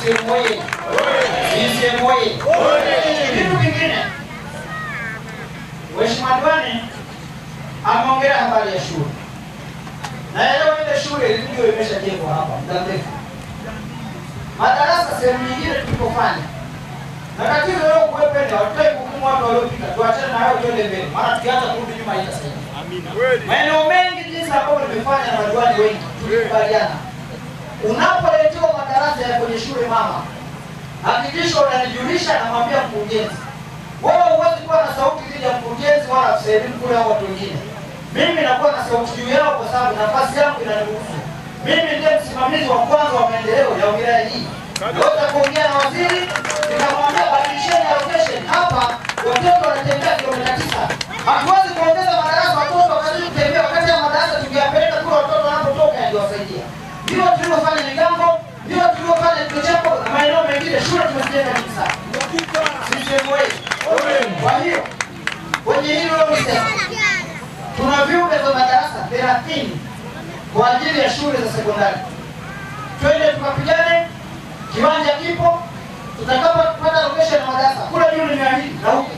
CCM oye! CCM oye! Kitu kingine, Mheshimiwa Diwani ameongelea habari ya shule, na elewa ile shule ilivyo imeshajengwa hapa muda mrefu, madarasa sehemu nyingine tulipofanya, na tatizo leo kuwepende, hatutaki kuhukumu watu waliopita, tuachane na hayo, tuende mbele, maana tukianza kurudi nyuma haitasaidia. Maeneo mengi jinsi ambavyo tumefanya na madiwani wengi tulikubaliana unapo madarasa ya kwenye shule mama, hakikisha unanijulisha, namwambia mkurugenzi. Wewe huwezi kuwa na sauti dhidi ya mkurugenzi wala afisa elimu kule au watu wengine. Mimi nakuwa na sauti juu yao kwa sababu nafasi yangu inaniruhusu. Mimi ndiye msimamizi wa kwanza wa maendeleo ya wilaya hii. Naweza kuongea na waziri nikamwambia, badilisheni allocation hapa, watoto wanatembea kilomita tisa. kuna vyumba vya madarasa thelathini kwa ajili ya shule za sekondari. Twende tukapigane, kiwanja kipo. tutakapo Tutakapopata location ya madarasa kule juu, nimeahidi na huko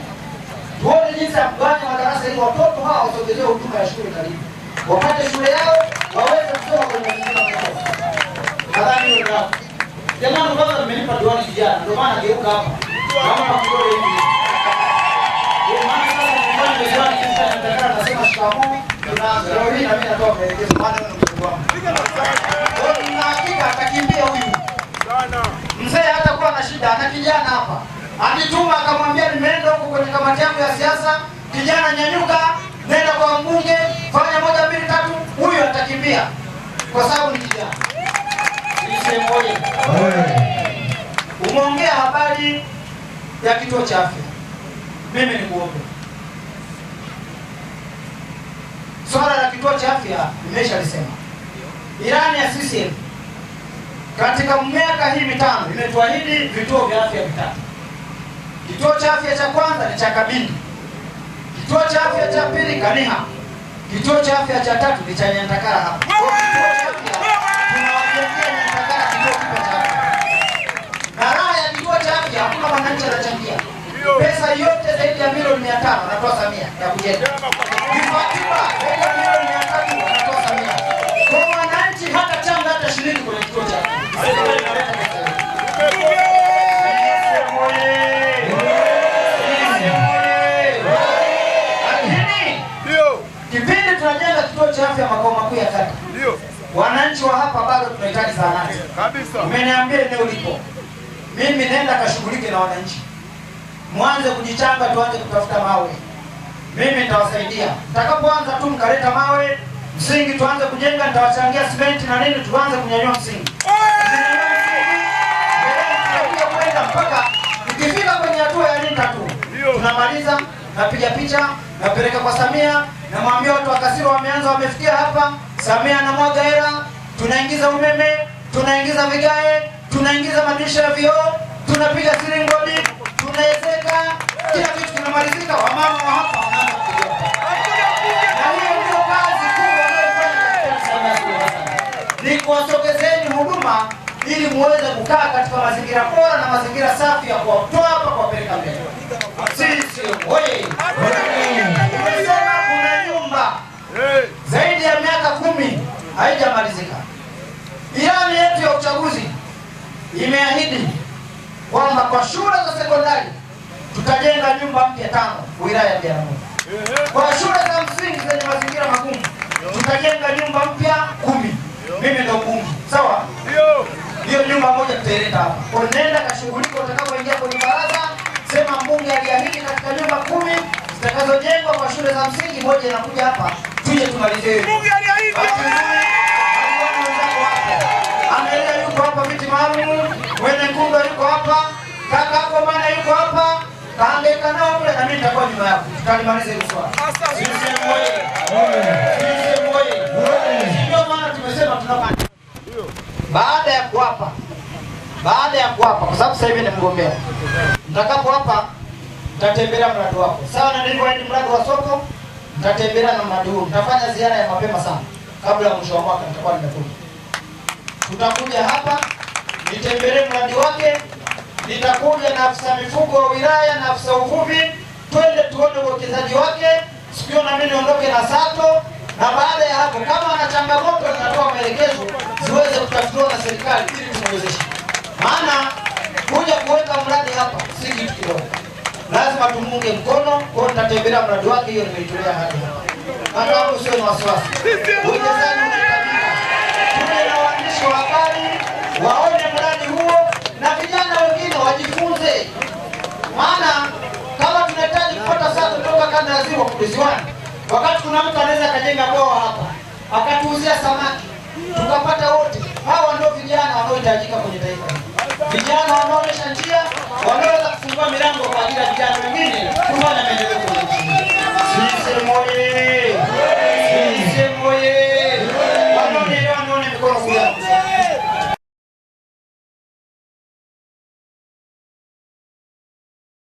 tuone jinsi ya kugawanya madarasa ili watoto hawa wasogezee huduma ya shule karibu, wapate shule yao, waweze kusoma kwenye mazingira nadhani hiyo ndio jamani. Kwanza tumelipa diwani kijana, ndio maana geuka hapa, kama kidole hivi anasema shikamoo na leo na mimi Na atakimbia huyu. Mzee hatakuwa na shida na kijana hapa. Akituma akamwambia nimeenda huko kwenye kamati yangu ya siasa, kijana nyanyuka, nenda kwa mbunge, fanya moja mbili tatu, huyu atakimbia kwa sababu ni kijana. Umeongea habari ya kituo cha afya. Mimi nikuombe cha afya nimeshalisema. Ilani ya CCM katika miaka hii mitano imetuahidi vituo vya afya vitatu. Kituo cha afya cha kwanza ni cha Kabindi, kituo cha afya cha pili Kaniha, kituo cha afya cha tatu ni cha Nyandakara hapa. pesa yote zaidi ya milioni mia tano anatoa Samia ya kujenga vifaa tiba zahanati ya makao makuu ya Ndio. Wananchi wa hapa bado tunahitaji zahanati kabisa. Umeniambia eneo lipo, mimi nenda kashughulike na wananchi, mwanze kujichanga, tuanze kutafuta mawe. Mimi nitawasaidia mtakapoanza tu, mkaleta mawe msingi, tuanze kujenga, nitawachangia simenti na nini, tuanze kunyanyua msingi mpaka nikifika kwenye hatua ya lita tu tunamaliza, napiga picha, napeleka kwa Samia, namwambia watu wa Kasiro wameanza, wamefikia hapa. Samia mwaga hela, tunaingiza umeme, tunaingiza vigae, tunaingiza madirisha ya vioo, tunapiga siringodi, tunaezeka, kila kitu kinamalizika. Wamama wa hapa kuwasogezeni huduma ili muweze kukaa katika mazingira bora na mazingira safi ya kuwatoa haijamalizika. Ilani yetu ya uchaguzi imeahidi kwamba kwa shule za sekondari tutajenga nyumba mpya tano wilaya ya Biharamulo. Kwa shule za msingi zenye mazingira magumu tutajenga nyumba mpya kumi. Mimi ndo mbunge, sawa? Hiyo nyumba moja tutaileta hapa. Nenda kashughulika, utakapoingia kwenye baraza sema mbunge aliahidi katika nyumba kumi zitakazojengwa kwa shule za msingi, moja inakuja hapa, tuje tumalizie. Mbunge aliahidi Amelia yuko hapa, viti maalumu, mwenye kumbe yuko hapa, kaka hapo maana yuko hapa, kaangeka nao mle, na mimi nitakuwa nyuma yako, tutalimaliza hili swala. Ndio maana tumesema tunapanda baada ya kuapa, baada ya kuapa, kwa sababu sasa hivi ni mgombea, mtakapo hapa mtatembelea mradi wako sawa, na nilikuwa ni mradi wa soko, mtatembelea na mradi huu, mtafanya ziara ya mapema sana, kabla ya mwisho wa mwaka nitakuwa nimekuja tutakuja hapa nitembelee mradi wake, nitakuja na afisa mifugo wa wilaya na afisa uvuvi, twende tuone uwekezaji wake. Sikio na mimi niondoke na SATO, na baada ya hapo kama ana changamoto nitatoa maelekezo ziweze kutatuliwa na serikali ili tumwezeshe. Maana kuja kuweka mradi hapa si kitu kidogo, lazima tumunge mkono. Kwa nitatembelea mradi wake, hiyo nimeitolea hadi hapa. Kaka hapo sio wasiwasi, uwekezaji waandishi wa habari waone mradi huo na vijana wengine wajifunze, maana kama tunahitaji kupata saa kutoka kanda ya ziwa kuziwani, wakati kuna mtu anaweza akajenga bwawa hapa akatuuzia samaki tukapata wote. Hawa ndio vijana wanaohitajika kwenye taifa, vijana wanaonesha njia, wanaweza kufungua milango kwa ajili ya vijana wengine kufanya maendeleo.